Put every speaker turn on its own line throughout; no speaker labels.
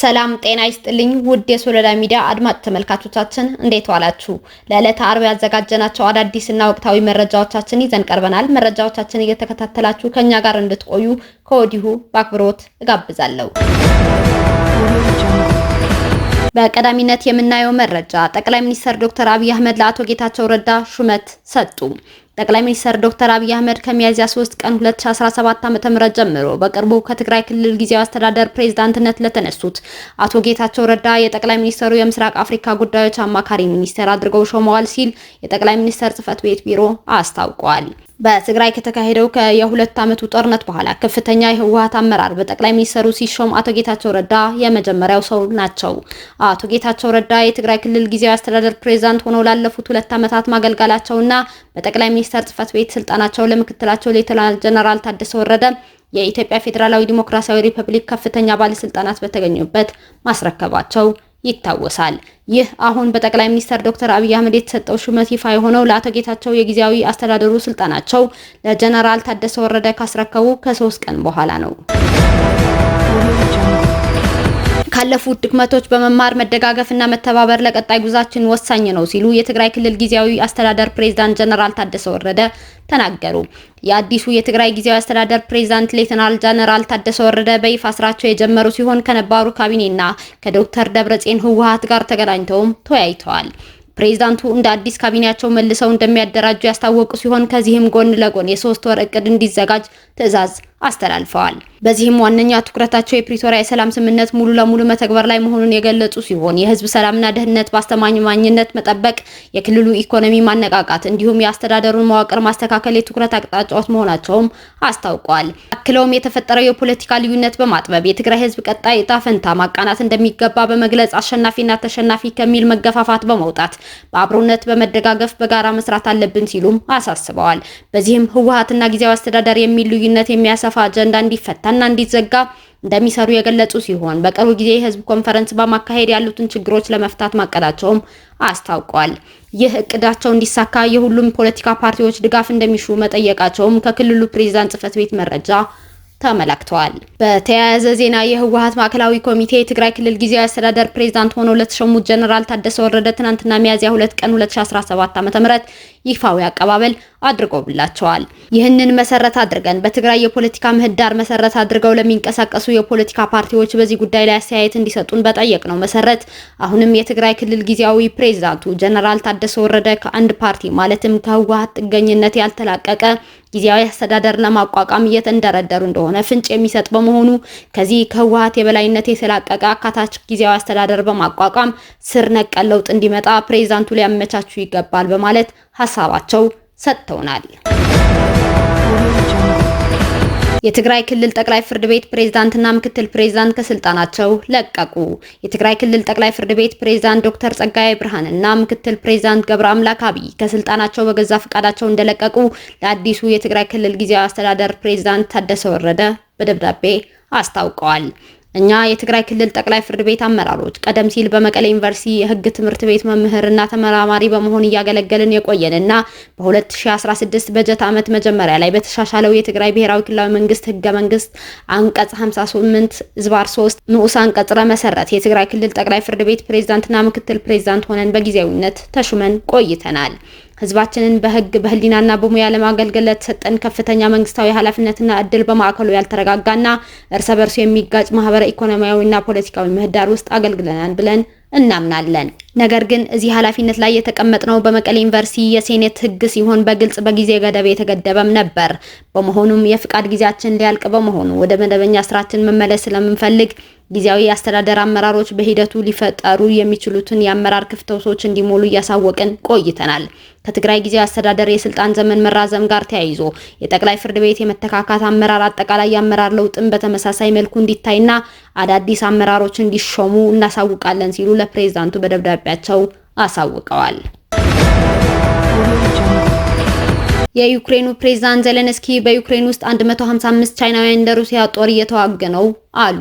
ሰላም ጤና ይስጥልኝ ውድ የሶለዳ ሚዲያ አድማጭ ተመልካቾቻችን እንዴት ዋላችሁ? ለዕለተ አርብ ያዘጋጀናቸው አዳዲስና ወቅታዊ መረጃዎቻችን ይዘን ቀርበናል። መረጃዎቻችን እየተከታተላችሁ ከኛ ጋር እንድትቆዩ ከወዲሁ በአክብሮት እጋብዛለሁ። በቀዳሚነት የምናየው መረጃ ጠቅላይ ሚኒስትር ዶክተር አብይ አህመድ ለአቶ ጌታቸው ረዳ ሹመት ሰጡ። ጠቅላይ ሚኒስትር ዶክተር አብይ አህመድ ከሚያዝያ 3 ቀን 2017 ዓ.ም ጀምሮ በቅርቡ ከትግራይ ክልል ጊዜያዊ አስተዳደር ፕሬዝዳንትነት ለተነሱት አቶ ጌታቸው ረዳ የጠቅላይ ሚኒስትሩ የምስራቅ አፍሪካ ጉዳዮች አማካሪ ሚኒስትር አድርገው ሾመዋል ሲል የጠቅላይ ሚኒስትር ጽህፈት ቤት ቢሮ አስታውቋል። በትግራይ ከተካሄደው የሁለት ዓመቱ ጦርነት በኋላ ከፍተኛ የህወሀት አመራር በጠቅላይ ሚኒስትሩ ሲሾም አቶ ጌታቸው ረዳ የመጀመሪያው ሰው ናቸው። አቶ ጌታቸው ረዳ የትግራይ ክልል ጊዜያዊ አስተዳደር ፕሬዚዳንት ሆነው ላለፉት ሁለት ዓመታት ማገልጋላቸውና በጠቅላይ ሚኒስተር ጽህፈት ቤት ስልጣናቸው ለምክትላቸው ሌተናል ጀነራል ታደሰ ወረደ የኢትዮጵያ ፌዴራላዊ ዲሞክራሲያዊ ሪፐብሊክ ከፍተኛ ባለስልጣናት በተገኙበት ማስረከባቸው ይታወሳል። ይህ አሁን በጠቅላይ ሚኒስትር ዶክተር አብይ አህመድ የተሰጠው ሹመት ይፋ የሆነው ለአቶ ጌታቸው የጊዜያዊ አስተዳደሩ ስልጣናቸው ለጀነራል ታደሰ ወረደ ካስረከቡ ከሶስት ቀን በኋላ ነው። ካለፉት ድክመቶች በመማር መደጋገፍና መተባበር ለቀጣይ ጉዛችን ወሳኝ ነው ሲሉ የትግራይ ክልል ጊዜያዊ አስተዳደር ፕሬዝዳንት ጀነራል ታደሰ ወረደ ተናገሩ። የአዲሱ የትግራይ ጊዜያዊ አስተዳደር ፕሬዝዳንት ሌተናል ጀነራል ታደሰ ወረደ በይፋ ስራቸው የጀመሩ ሲሆን ከነባሩ ካቢኔና ከዶክተር ደብረጽዮን ህወሀት ጋር ተገናኝተውም ተወያይተዋል። ፕሬዝዳንቱ እንደ አዲስ ካቢኔያቸው መልሰው እንደሚያደራጁ ያስታወቁ ሲሆን ከዚህም ጎን ለጎን የሶስት ወር እቅድ እንዲዘጋጅ ትዕዛዝ አስተላልፈዋል። በዚህም ዋነኛ ትኩረታቸው የፕሪቶሪያ የሰላም ስምምነት ሙሉ ለሙሉ መተግበር ላይ መሆኑን የገለጹ ሲሆን የህዝብ ሰላምና ደህንነት ማኝነት መጠበቅ፣ የክልሉ ኢኮኖሚ ማነቃቃት እንዲሁም የአስተዳደሩን መዋቅር ማስተካከል የትኩረት አቅጣጫዎች መሆናቸውም አስታውቋል። አክለውም የተፈጠረው የፖለቲካ ልዩነት በማጥበብ የትግራይ ህዝብ ቀጣይ እጣ ፈንታ ማቃናት እንደሚገባ በመግለጽ አሸናፊና ተሸናፊ ከሚል መገፋፋት በመውጣት በአብሮነት በመደጋገፍ በጋራ መስራት አለብን ሲሉም አሳስበዋል። በዚህም ህወሀትና ጊዜያዊ አስተዳደር የሚል ልዩነት የሚያሳ የአሰፋ አጀንዳ እንዲፈታና እንዲዘጋ እንደሚሰሩ የገለጹ ሲሆን በቅርቡ ጊዜ የህዝብ ኮንፈረንስ በማካሄድ ያሉትን ችግሮች ለመፍታት ማቀዳቸውም አስታውቋል። ይህ እቅዳቸው እንዲሳካ የሁሉም ፖለቲካ ፓርቲዎች ድጋፍ እንደሚሹ መጠየቃቸውም ከክልሉ ፕሬዝዳንት ጽህፈት ቤት መረጃ ተመላክተዋል። በተያያዘ ዜና የህወሀት ማዕከላዊ ኮሚቴ የትግራይ ክልል ጊዜያዊ አስተዳደር ፕሬዝዳንት ሆነው ለተሾሙት ጀነራል ታደሰ ወረደ ትናንትና ሚያዝያ 2 ቀን 2017 ዓ.ም ይፋዊ አቀባበል አድርገውላቸዋል። ይህንን መሰረት አድርገን በትግራይ የፖለቲካ ምህዳር መሰረት አድርገው ለሚንቀሳቀሱ የፖለቲካ ፓርቲዎች በዚህ ጉዳይ ላይ አስተያየት እንዲሰጡን በጠየቅነው መሰረት አሁንም የትግራይ ክልል ጊዜያዊ ፕሬዝዳንቱ ጀነራል ታደሰ ወረደ ከአንድ ፓርቲ ማለትም ከህወሓት ጥገኝነት ያልተላቀቀ ጊዜያዊ አስተዳደር ለማቋቋም እየተንደረደሩ እንደሆነ ፍንጭ የሚሰጥ በመሆኑ ከዚህ ከህወሓት የበላይነት የተላቀቀ አካታች ጊዜያዊ አስተዳደር በማቋቋም ስር ነቀል ለውጥ እንዲመጣ ፕሬዝዳንቱ ሊያመቻቹ ይገባል በማለት ሀሳባቸው ሰጥተውናል። የትግራይ ክልል ጠቅላይ ፍርድ ቤት ፕሬዝዳንትና ምክትል ፕሬዝዳንት ከስልጣናቸው ለቀቁ። የትግራይ ክልል ጠቅላይ ፍርድ ቤት ፕሬዝዳንት ዶክተር ጸጋዬ ብርሃንና ምክትል ፕሬዝዳንት ገብረ አምላክ አብይ ከስልጣናቸው በገዛ ፈቃዳቸው እንደለቀቁ ለአዲሱ የትግራይ ክልል ጊዜያዊ አስተዳደር ፕሬዝዳንት ታደሰ ወረደ በደብዳቤ አስታውቀዋል። እኛ የትግራይ ክልል ጠቅላይ ፍርድ ቤት አመራሮች ቀደም ሲል በመቀሌ ዩኒቨርሲቲ የህግ ትምህርት ቤት መምህርና ተመራማሪ በመሆን እያገለገልን የቆየንና በ2016 በጀት ዓመት መጀመሪያ ላይ በተሻሻለው የትግራይ ብሔራዊ ክልላዊ መንግስት ህገ መንግስት አንቀጽ 58 ዝባር 3 ንዑስ አንቀጽ መሰረት የትግራይ ክልል ጠቅላይ ፍርድ ቤት ፕሬዝዳንትና ምክትል ፕሬዝዳንት ሆነን በጊዜያዊነት ተሹመን ቆይተናል። ህዝባችንን በህግ በህሊናና በሙያ ለማገልገል ለተሰጠን ከፍተኛ መንግስታዊ ኃላፊነትና እድል በማዕከሉ ያልተረጋጋና እርሰ በርሱ የሚጋጭ ማህበረ ኢኮኖሚያዊና ፖለቲካዊ ምህዳር ውስጥ አገልግለናል ብለን እናምናለን። ነገር ግን እዚህ ኃላፊነት ላይ የተቀመጥነው በመቀሌ ዩኒቨርሲቲ የሴኔት ህግ ሲሆን በግልጽ በጊዜ ገደብ የተገደበም ነበር። በመሆኑም የፍቃድ ጊዜያችን ሊያልቅ በመሆኑ ወደ መደበኛ ስራችን መመለስ ስለምንፈልግ ጊዜያዊ የአስተዳደር አመራሮች በሂደቱ ሊፈጠሩ የሚችሉትን የአመራር ክፍተቶች እንዲሞሉ እያሳወቅን ቆይተናል። ከትግራይ ጊዜያዊ አስተዳደር የስልጣን ዘመን መራዘም ጋር ተያይዞ የጠቅላይ ፍርድ ቤት የመተካካት አመራር አጠቃላይ የአመራር ለውጥን በተመሳሳይ መልኩ እንዲታይና አዳዲስ አመራሮች እንዲሾሙ እናሳውቃለን ሲሉ ለፕሬዝዳንቱ በደብዳቤያቸው አሳውቀዋል። የዩክሬኑ ፕሬዝዳንት ዘለንስኪ በዩክሬን ውስጥ 155 ቻይናውያን ለሩሲያ ጦር እየተዋገ ነው አሉ።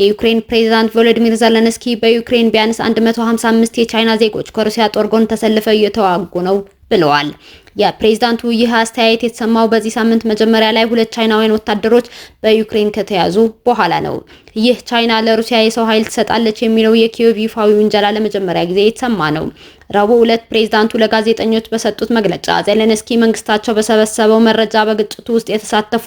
የዩክሬን ፕሬዝዳንት ቮሎዲሚር ዘለንስኪ በዩክሬን ቢያንስ 155 የቻይና ዜጎች ከሩሲያ ጦር ጎን ተሰልፈው እየተዋጉ ነው ብለዋል። የፕሬዝዳንቱ ይህ አስተያየት የተሰማው በዚህ ሳምንት መጀመሪያ ላይ ሁለት ቻይናውያን ወታደሮች በዩክሬን ከተያዙ በኋላ ነው። ይህ ቻይና ለሩሲያ የሰው ኃይል ትሰጣለች የሚለው የኪየቭ ይፋዊ ውንጀላ ለመጀመሪያ ጊዜ የተሰማ ነው። ረቡዕ ዕለት ፕሬዝዳንቱ ለጋዜጠኞች በሰጡት መግለጫ ዜሌንስኪ መንግስታቸው በሰበሰበው መረጃ በግጭቱ ውስጥ የተሳተፉ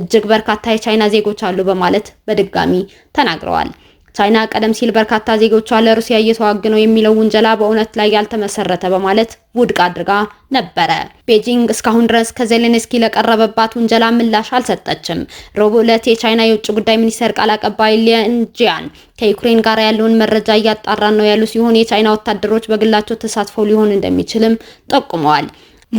እጅግ በርካታ የቻይና ዜጎች አሉ በማለት በድጋሚ ተናግረዋል። ቻይና ቀደም ሲል በርካታ ዜጎቿ ለሩሲያ እየተዋጉ ነው የሚለው ውንጀላ በእውነት ላይ ያልተመሰረተ በማለት ውድቅ አድርጋ ነበረ። ቤጂንግ እስካሁን ድረስ ከዜሌንስኪ ለቀረበባት ውንጀላ ምላሽ አልሰጠችም። ረቡዕ ዕለት የቻይና የውጭ ጉዳይ ሚኒስቴር ቃል አቀባይ ሊን ጂያን ከዩክሬን ጋር ያለውን መረጃ እያጣራን ነው ያሉ ሲሆን የቻይና ወታደሮች በግላቸው ተሳትፈው ሊሆን እንደሚችልም ጠቁመዋል።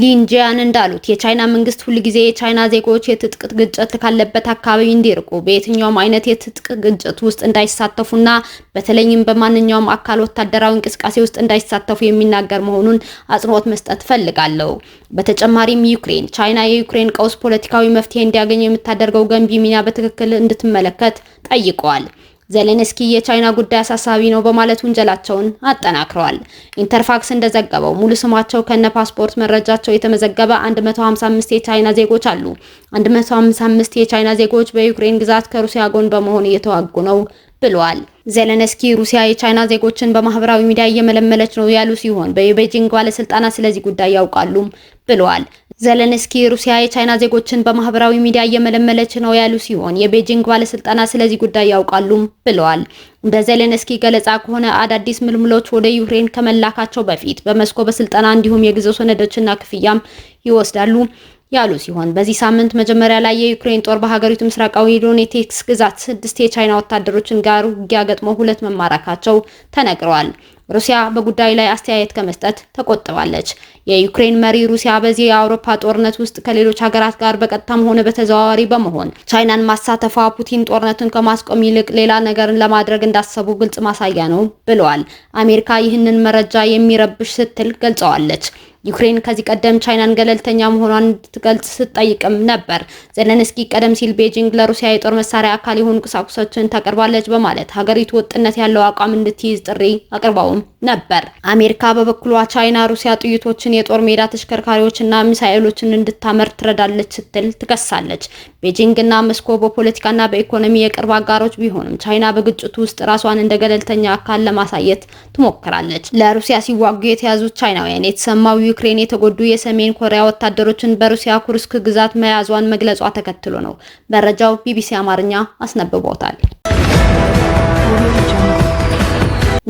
ሊንጂያን እንዳሉት የቻይና መንግስት ሁልጊዜ የቻይና ዜጎች የትጥቅ ግጭት ካለበት አካባቢ እንዲርቁ በየትኛውም አይነት የትጥቅ ግጭት ውስጥ እንዳይሳተፉና በተለይም በማንኛውም አካል ወታደራዊ እንቅስቃሴ ውስጥ እንዳይሳተፉ የሚናገር መሆኑን አጽንኦት መስጠት ፈልጋለሁ። በተጨማሪም ዩክሬን ቻይና የዩክሬን ቀውስ ፖለቲካዊ መፍትሄ እንዲያገኝ የምታደርገው ገንቢ ሚና በትክክል እንድትመለከት ጠይቀዋል። ዘለንስኪ የቻይና ጉዳይ አሳሳቢ ነው በማለት ውንጀላቸውን አጠናክረዋል። ኢንተርፋክስ እንደዘገበው ሙሉ ስማቸው ከነ ፓስፖርት መረጃቸው የተመዘገበ 155 የቻይና ዜጎች አሉ። 155 የቻይና ዜጎች በዩክሬን ግዛት ከሩሲያ ጎን በመሆን እየተዋጉ ነው። ብሏል። ዜለንስኪ ሩሲያ የቻይና ዜጎችን በማህበራዊ ሚዲያ እየመለመለች ነው ያሉ ሲሆን በቤጂንግ ባለስልጣናት ስለዚህ ጉዳይ ያውቃሉ ብሏል። ዘለንስኪ ሩሲያ የቻይና ዜጎችን በማህበራዊ ሚዲያ እየመለመለች ነው ያሉ ሲሆን የቤጂንግ ባለስልጣናት ስለዚህ ጉዳይ ያውቃሉ ብለዋል። በዘለንስኪ ገለጻ ከሆነ አዳዲስ ምልምሎች ወደ ዩክሬን ከመላካቸው በፊት በመስኮ በስልጠና እንዲሁም የጉዞ ሰነዶችና ክፍያም ይወስዳሉ። ያሉ ሲሆን በዚህ ሳምንት መጀመሪያ ላይ የዩክሬን ጦር በሀገሪቱ ምስራቃዊ ዶኔቴክስ ግዛት ስድስት የቻይና ወታደሮችን ጋር ውጊያ ገጥሞ ሁለት መማረካቸው ተነግረዋል። ሩሲያ በጉዳዩ ላይ አስተያየት ከመስጠት ተቆጥባለች። የዩክሬን መሪ ሩሲያ በዚህ የአውሮፓ ጦርነት ውስጥ ከሌሎች ሀገራት ጋር በቀጥታም ሆነ በተዘዋዋሪ በመሆን ቻይናን ማሳተፏ ፑቲን ጦርነቱን ከማስቆም ይልቅ ሌላ ነገርን ለማድረግ እንዳሰቡ ግልጽ ማሳያ ነው ብለዋል። አሜሪካ ይህንን መረጃ የሚረብሽ ስትል ገልጸዋለች። ዩክሬን ከዚህ ቀደም ቻይናን ገለልተኛ መሆኗን እንድትገልጽ ስትጠይቅም ነበር። ዘለንስኪ ቀደም ሲል ቤጂንግ ለሩሲያ የጦር መሳሪያ አካል የሆኑ ቁሳቁሶችን ታቀርባለች በማለት ሀገሪቱ ወጥነት ያለው አቋም እንድትይዝ ጥሪ አቅርበውም ነበር። አሜሪካ በበኩሏ ቻይና ሩሲያ ጥይቶችን፣ የጦር ሜዳ ተሽከርካሪዎችና ሚሳኤሎችን እንድታመር ትረዳለች ስትል ትከሳለች። ቤጂንግና ሞስኮ በፖለቲካና በኢኮኖሚ የቅርብ አጋሮች ቢሆንም ቻይና በግጭቱ ውስጥ ራሷን እንደ ገለልተኛ አካል ለማሳየት ትሞክራለች። ለሩሲያ ሲዋጉ የተያዙት ቻይናውያን የተሰማው ዩክሬን የተጎዱ የሰሜን ኮሪያ ወታደሮችን በሩሲያ ኩርስክ ግዛት መያዟን መግለጿ ተከትሎ ነው። መረጃው ቢቢሲ አማርኛ አስነብቦታል።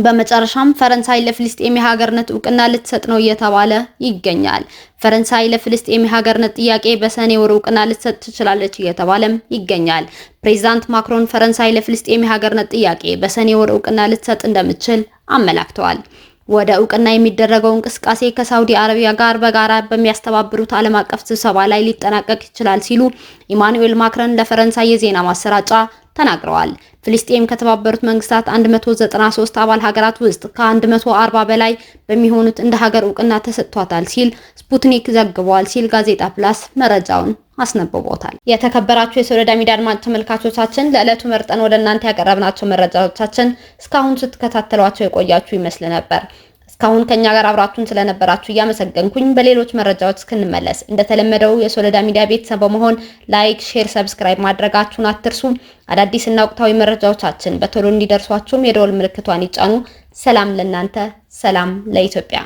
በመጨረሻም ፈረንሳይ ለፍልስጤም የሀገርነት እውቅና ልትሰጥ ነው እየተባለ ይገኛል። ፈረንሳይ ለፍልስጤም የሀገርነት ጥያቄ በሰኔ ወር እውቅና ልትሰጥ ትችላለች እየተባለም ይገኛል። ፕሬዚዳንት ማክሮን ፈረንሳይ ለፍልስጤም የሀገርነት ጥያቄ በሰኔ ወር እውቅና ልትሰጥ እንደምትችል አመላክተዋል። ወደ እውቅና የሚደረገው እንቅስቃሴ ከሳውዲ አረቢያ ጋር በጋራ በሚያስተባብሩት ዓለም አቀፍ ስብሰባ ላይ ሊጠናቀቅ ይችላል ሲሉ ኢማኑኤል ማክረን ለፈረንሳይ የዜና ማሰራጫ ተናግረዋል። ፍልስጤም ከተባበሩት መንግስታት 193 አባል ሀገራት ውስጥ ከ140 በላይ በሚሆኑት እንደ ሀገር እውቅና ተሰጥቷታል ሲል ስፑትኒክ ዘግቧል ሲል ጋዜጣ ፕላስ መረጃውን አስነብቦታል። የተከበራችሁ የሶሎዳ ሚዲያ አድማጭ ተመልካቾቻችን ለዕለቱ መርጠን ወደ እናንተ ያቀረብናቸው መረጃዎቻችን እስካሁን ስትከታተሏቸው የቆያችሁ ይመስል ነበር። እስካሁን ከኛ ጋር አብራችሁን ስለነበራችሁ እያመሰገንኩኝ በሌሎች መረጃዎች እስክንመለስ እንደተለመደው የሶለዳ ሚዲያ ቤተሰብ በመሆን ላይክ፣ ሼር፣ ሰብስክራይብ ማድረጋችሁን አትርሱ። አዳዲስና ወቅታዊ መረጃዎቻችን በቶሎ እንዲደርሷችሁም የደወል ምልክቷን ይጫኑ። ሰላም ለእናንተ፣ ሰላም ለኢትዮጵያ።